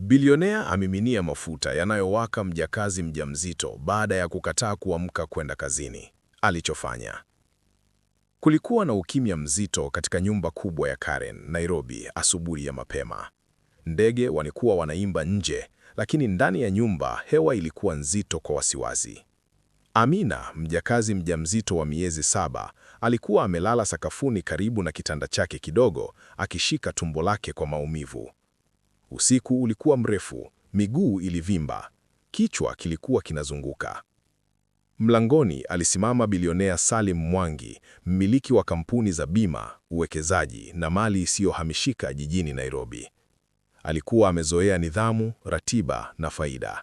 Bilionea amiminia mafuta yanayowaka mjakazi mjamzito baada ya kukataa kuamka kwenda kazini. Alichofanya. Kulikuwa na ukimya mzito katika nyumba kubwa ya Karen, Nairobi, asubuhi ya mapema. Ndege walikuwa wanaimba nje, lakini ndani ya nyumba hewa ilikuwa nzito kwa wasiwasi. Amina, mjakazi mjamzito wa miezi saba, alikuwa amelala sakafuni karibu na kitanda chake kidogo, akishika tumbo lake kwa maumivu. Usiku ulikuwa mrefu, miguu ilivimba, kichwa kilikuwa kinazunguka. Mlangoni alisimama bilionea Salim Mwangi, mmiliki wa kampuni za bima, uwekezaji na mali isiyohamishika jijini Nairobi. Alikuwa amezoea nidhamu, ratiba na faida.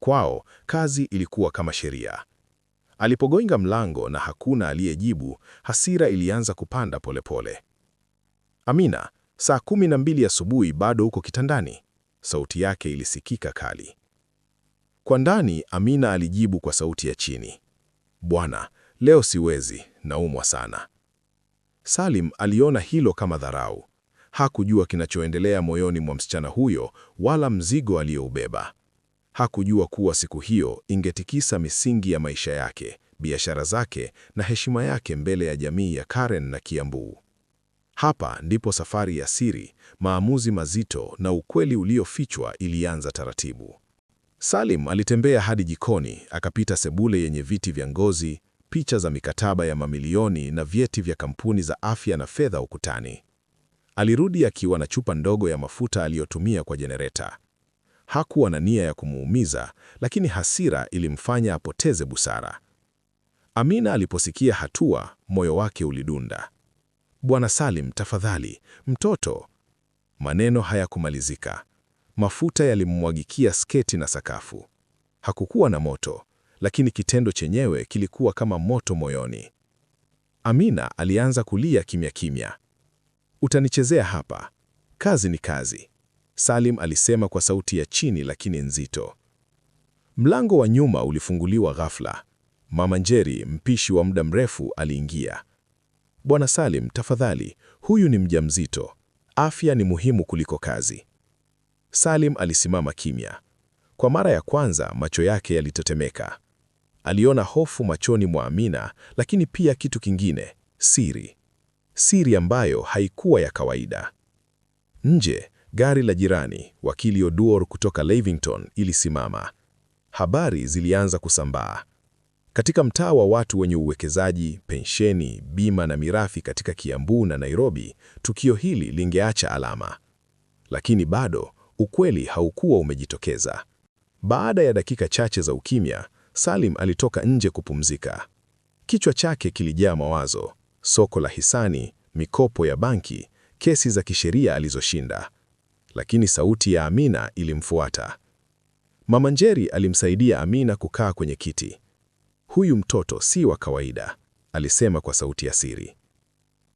Kwao kazi ilikuwa kama sheria. Alipogonga mlango na hakuna aliyejibu, hasira ilianza kupanda polepole. Amina Saa kumi na mbili asubuhi, bado uko kitandani? Sauti yake ilisikika kali. Kwa ndani, Amina alijibu kwa sauti ya chini, bwana, leo siwezi, naumwa sana. Salim aliona hilo kama dharau. Hakujua kinachoendelea moyoni mwa msichana huyo wala mzigo aliyoubeba. Hakujua kuwa siku hiyo ingetikisa misingi ya maisha yake, biashara zake na heshima yake mbele ya jamii ya Karen na Kiambu. Hapa ndipo safari ya siri, maamuzi mazito na ukweli uliofichwa ilianza taratibu. Salim alitembea hadi jikoni, akapita sebule yenye viti vya ngozi, picha za mikataba ya mamilioni na vyeti vya kampuni za afya na fedha ukutani. Alirudi akiwa na chupa ndogo ya mafuta aliyotumia kwa jenereta. Hakuwa na nia ya kumuumiza, lakini hasira ilimfanya apoteze busara. Amina aliposikia hatua, moyo wake ulidunda. Bwana Salim, tafadhali, mtoto. Maneno hayakumalizika, mafuta yalimwagikia sketi na sakafu. Hakukuwa na moto, lakini kitendo chenyewe kilikuwa kama moto moyoni. Amina alianza kulia kimya kimya. Utanichezea hapa, kazi ni kazi, Salim alisema kwa sauti ya chini lakini nzito. Mlango wa nyuma ulifunguliwa ghafla. Mama Njeri, mpishi wa muda mrefu, aliingia. Bwana Salim, tafadhali, huyu ni mjamzito, afya ni muhimu kuliko kazi. Salim alisimama kimya. Kwa mara ya kwanza macho yake yalitetemeka. Aliona hofu machoni mwa Amina, lakini pia kitu kingine, siri, siri ambayo haikuwa ya kawaida. Nje gari la jirani, wakili Oduor kutoka Levington, ilisimama. Habari zilianza kusambaa. Katika mtaa wa watu wenye uwekezaji, pensheni, bima na mirathi katika Kiambu na Nairobi, tukio hili lingeacha alama. Lakini bado ukweli haukuwa umejitokeza. Baada ya dakika chache za ukimya, Salim alitoka nje kupumzika. Kichwa chake kilijaa mawazo: soko la hisani, mikopo ya banki, kesi za kisheria alizoshinda. Lakini sauti ya Amina ilimfuata. Mama Njeri alimsaidia Amina kukaa kwenye kiti huyu mtoto si wa kawaida, alisema kwa sauti ya siri.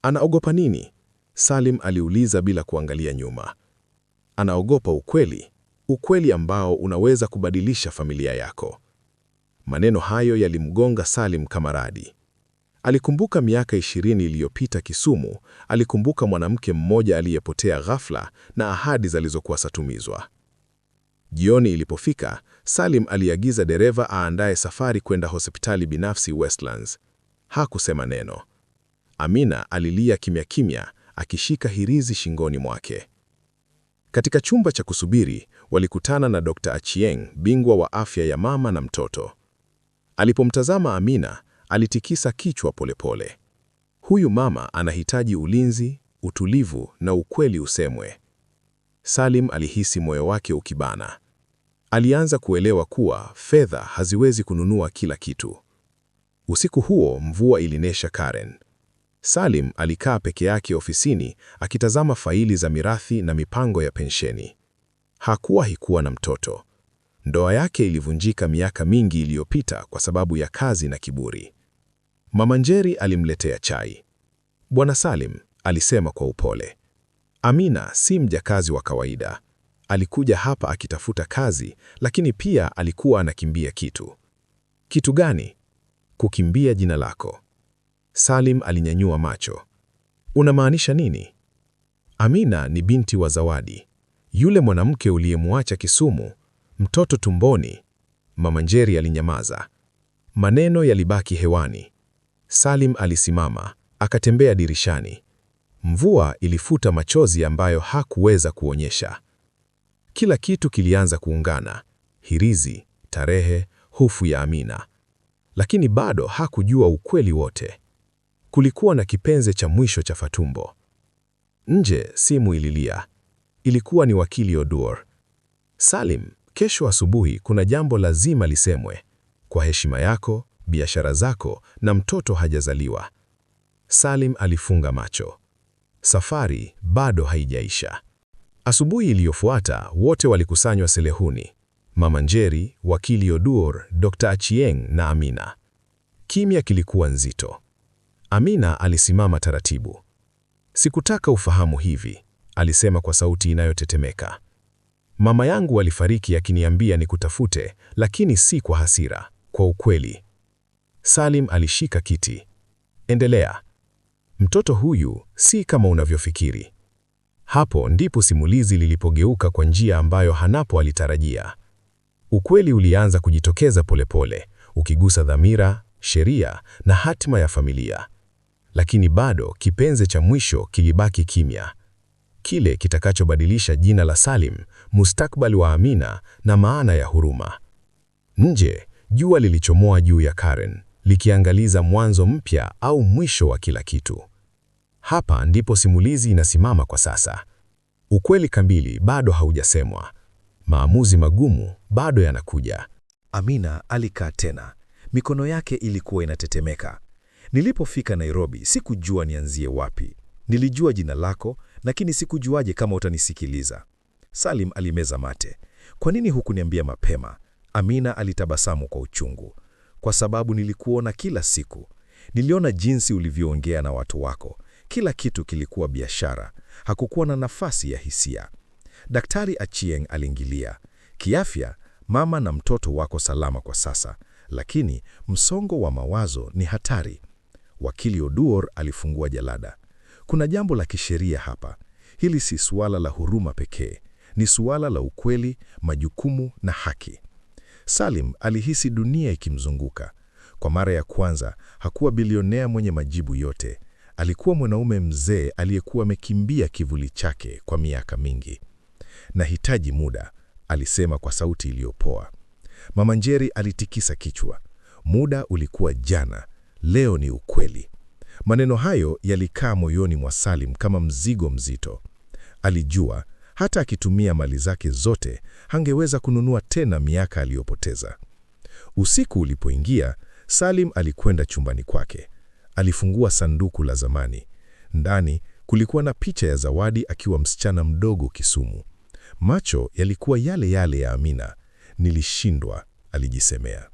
Anaogopa nini? Salim aliuliza bila kuangalia nyuma. Anaogopa ukweli, ukweli ambao unaweza kubadilisha familia yako. Maneno hayo yalimgonga Salim kama radi. Alikumbuka miaka ishirini iliyopita Kisumu, alikumbuka mwanamke mmoja aliyepotea ghafla na ahadi zilizokuwa satumizwa. Jioni ilipofika, Salim aliagiza dereva aandaye safari kwenda hospitali binafsi Westlands. Hakusema neno. Amina alilia kimya kimya, akishika hirizi shingoni mwake. Katika chumba cha kusubiri, walikutana na Dr. Achieng, bingwa wa afya ya mama na mtoto. Alipomtazama Amina, alitikisa kichwa polepole. Huyu mama anahitaji ulinzi, utulivu na ukweli usemwe. Salim alihisi moyo wake ukibana alianza kuelewa kuwa fedha haziwezi kununua kila kitu. Usiku huo mvua ilinyesha Karen. Salim alikaa peke yake ofisini akitazama faili za mirathi na mipango ya pensheni. Hakuwahi kuwa na mtoto. Ndoa yake ilivunjika miaka mingi iliyopita kwa sababu ya kazi na kiburi. Mama Njeri alimletea chai. Bwana Salim, alisema kwa upole, Amina si mjakazi wa kawaida, Alikuja hapa akitafuta kazi, lakini pia alikuwa anakimbia kitu. Kitu gani? Kukimbia jina lako. Salim alinyanyua macho. Unamaanisha nini? Amina ni binti wa Zawadi, yule mwanamke uliyemwacha Kisumu, mtoto tumboni. Mama Njeri alinyamaza, maneno yalibaki hewani. Salim alisimama akatembea dirishani. Mvua ilifuta machozi ambayo hakuweza kuonyesha. Kila kitu kilianza kuungana: hirizi, tarehe, hofu ya Amina. Lakini bado hakujua ukweli wote. Kulikuwa na kipenze cha mwisho cha Fatumbo. Nje simu ililia. Ilikuwa ni wakili Oduor. Salim, kesho asubuhi kuna jambo lazima lisemwe. Kwa heshima yako, biashara zako na mtoto hajazaliwa. Salim alifunga macho. Safari bado haijaisha. Asubuhi iliyofuata wote walikusanywa Selehuni: Mama Njeri, wakili Oduor, Dr. Achieng na Amina. Kimya kilikuwa nzito. Amina alisimama taratibu. Sikutaka ufahamu hivi, alisema kwa sauti inayotetemeka. Mama yangu alifariki akiniambia nikutafute, lakini si kwa hasira, kwa ukweli. Salim alishika kiti. Endelea. Mtoto huyu si kama unavyofikiri. Hapo ndipo simulizi lilipogeuka kwa njia ambayo Hanapo alitarajia. Ukweli ulianza kujitokeza polepole, ukigusa dhamira, sheria na hatima ya familia. Lakini bado kipenze cha mwisho kilibaki kimya, kile kitakachobadilisha jina la Salim, mustakbali wa Amina na maana ya huruma. Nje, jua lilichomoa juu ya Karen, likiangaliza mwanzo mpya au mwisho wa kila kitu. Hapa ndipo simulizi inasimama kwa sasa. Ukweli kamili bado haujasemwa, maamuzi magumu bado yanakuja. Amina alikaa tena, mikono yake ilikuwa inatetemeka. Nilipofika Nairobi sikujua nianzie wapi. Nilijua jina lako, lakini sikujuaje kama utanisikiliza. Salim alimeza mate. Kwa nini hukuniambia mapema? Amina alitabasamu kwa uchungu. Kwa sababu nilikuona kila siku, niliona jinsi ulivyoongea na watu wako kila kitu kilikuwa biashara, hakukuwa na nafasi ya hisia. Daktari Achieng aliingilia. Kiafya, mama na mtoto wako salama kwa sasa, lakini msongo wa mawazo ni hatari. Wakili Oduor alifungua jalada. Kuna jambo la kisheria hapa. Hili si suala la huruma pekee, ni suala la ukweli, majukumu na haki. Salim alihisi dunia ikimzunguka. Kwa mara ya kwanza hakuwa bilionea mwenye majibu yote, Alikuwa mwanaume mzee aliyekuwa amekimbia kivuli chake kwa miaka mingi. Nahitaji muda, alisema kwa sauti iliyopoa. Mama Njeri alitikisa kichwa. Muda ulikuwa jana, leo ni ukweli. Maneno hayo yalikaa moyoni mwa Salim kama mzigo mzito. Alijua hata akitumia mali zake zote hangeweza kununua tena miaka aliyopoteza. Usiku ulipoingia, Salim alikwenda chumbani kwake. Alifungua sanduku la zamani. Ndani kulikuwa na picha ya Zawadi akiwa msichana mdogo Kisumu. Macho yalikuwa yale yale ya Amina. Nilishindwa, alijisemea.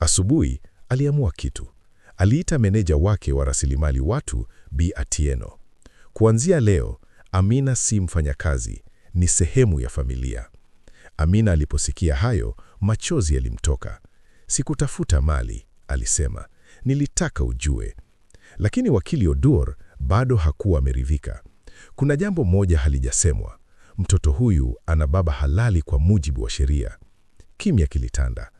Asubuhi aliamua kitu. Aliita meneja wake wa rasilimali watu, Bi Atieno. Kuanzia leo, Amina si mfanyakazi, ni sehemu ya familia. Amina aliposikia hayo, machozi yalimtoka. Sikutafuta mali, alisema. Nilitaka ujue lakini wakili Odur bado hakuwa ameridhika. Kuna jambo moja halijasemwa: mtoto huyu ana baba halali kwa mujibu wa sheria. Kimya kilitanda.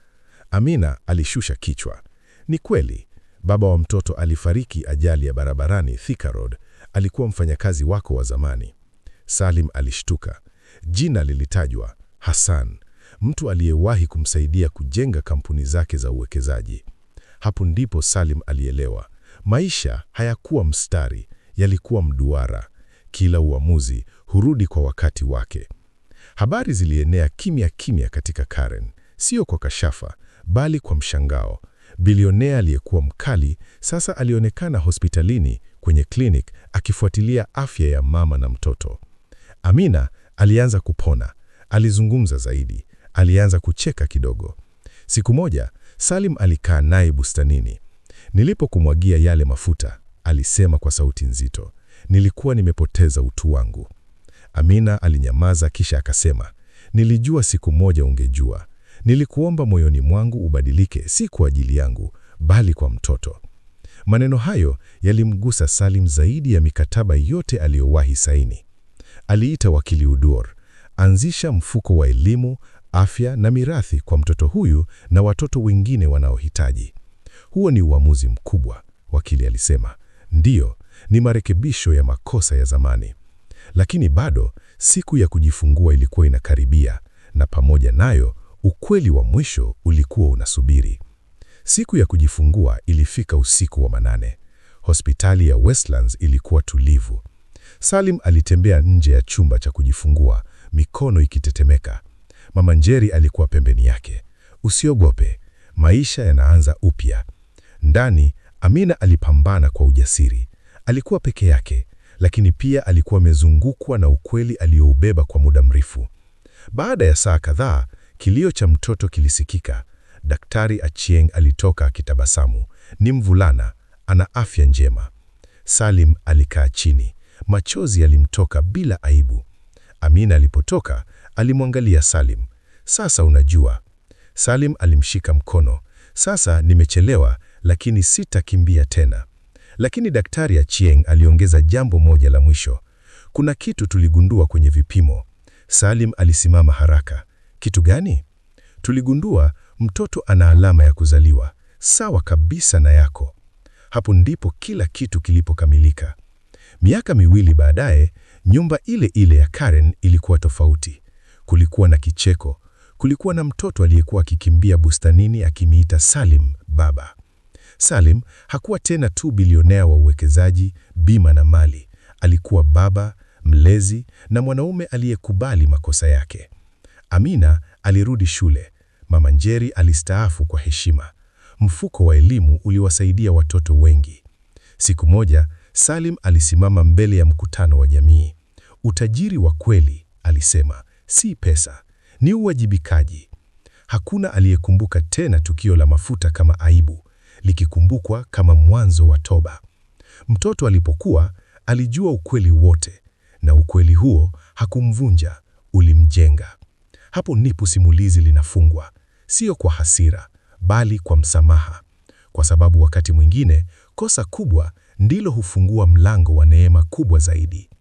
Amina alishusha kichwa. Ni kweli, baba wa mtoto alifariki ajali ya barabarani Thika Road. Alikuwa mfanyakazi wako wa zamani. Salim alishtuka. Jina lilitajwa, Hassan, mtu aliyewahi kumsaidia kujenga kampuni zake za uwekezaji. Hapo ndipo Salim alielewa, Maisha hayakuwa mstari, yalikuwa mduara. Kila uamuzi hurudi kwa wakati wake. Habari zilienea kimya kimya katika Karen, sio kwa kashafa, bali kwa mshangao. Bilionea aliyekuwa mkali sasa alionekana hospitalini kwenye klinik akifuatilia afya ya mama na mtoto. Amina alianza kupona, alizungumza zaidi, alianza kucheka kidogo. Siku moja Salim alikaa naye bustanini. Nilipokumwagia yale mafuta, alisema kwa sauti nzito, nilikuwa nimepoteza utu wangu. Amina alinyamaza, kisha akasema, nilijua siku moja ungejua. Nilikuomba moyoni mwangu ubadilike, si kwa ajili yangu, bali kwa mtoto. Maneno hayo yalimgusa Salim zaidi ya mikataba yote aliyowahi saini. Aliita wakili udor anzisha mfuko wa elimu, afya na mirathi kwa mtoto huyu na watoto wengine wanaohitaji. Huo ni uamuzi mkubwa, wakili alisema. Ndiyo, ni marekebisho ya makosa ya zamani. Lakini bado siku ya kujifungua ilikuwa inakaribia, na pamoja nayo ukweli wa mwisho ulikuwa unasubiri. Siku ya kujifungua ilifika usiku wa manane. Hospitali ya Westlands ilikuwa tulivu. Salim alitembea nje ya chumba cha kujifungua, mikono ikitetemeka. Mama Njeri alikuwa pembeni yake. Usiogope, maisha yanaanza upya. Ndani, Amina alipambana kwa ujasiri. Alikuwa peke yake, lakini pia alikuwa amezungukwa na ukweli aliyoubeba kwa muda mrefu. Baada ya saa kadhaa, kilio cha mtoto kilisikika. Daktari Achieng alitoka akitabasamu. Ni mvulana, ana afya njema. Salim alikaa chini, machozi yalimtoka bila aibu. Amina alipotoka, alimwangalia Salim. Sasa unajua. Salim alimshika mkono. Sasa nimechelewa, lakini sitakimbia tena. Lakini Daktari Achieng aliongeza jambo moja la mwisho. Kuna kitu tuligundua kwenye vipimo. Salim alisimama haraka. Kitu gani? Tuligundua mtoto ana alama ya kuzaliwa sawa kabisa na yako. Hapo ndipo kila kitu kilipokamilika. Miaka miwili baadaye, nyumba ile ile ya Karen ilikuwa tofauti. Kulikuwa na kicheko, kulikuwa na mtoto aliyekuwa akikimbia bustanini akimiita Salim baba. Salim hakuwa tena tu bilionea wa uwekezaji, bima na mali. Alikuwa baba, mlezi na mwanaume aliyekubali makosa yake. Amina alirudi shule. Mama Njeri alistaafu kwa heshima. Mfuko wa elimu uliwasaidia watoto wengi. Siku moja, Salim alisimama mbele ya mkutano wa jamii. Utajiri wa kweli, alisema, si pesa, ni uwajibikaji. Hakuna aliyekumbuka tena tukio la mafuta kama aibu, likikumbukwa kama mwanzo wa toba. Mtoto alipokuwa alijua ukweli wote, na ukweli huo hakumvunja, ulimjenga. Hapo ndipo simulizi linafungwa, sio kwa hasira, bali kwa msamaha, kwa sababu wakati mwingine kosa kubwa ndilo hufungua mlango wa neema kubwa zaidi.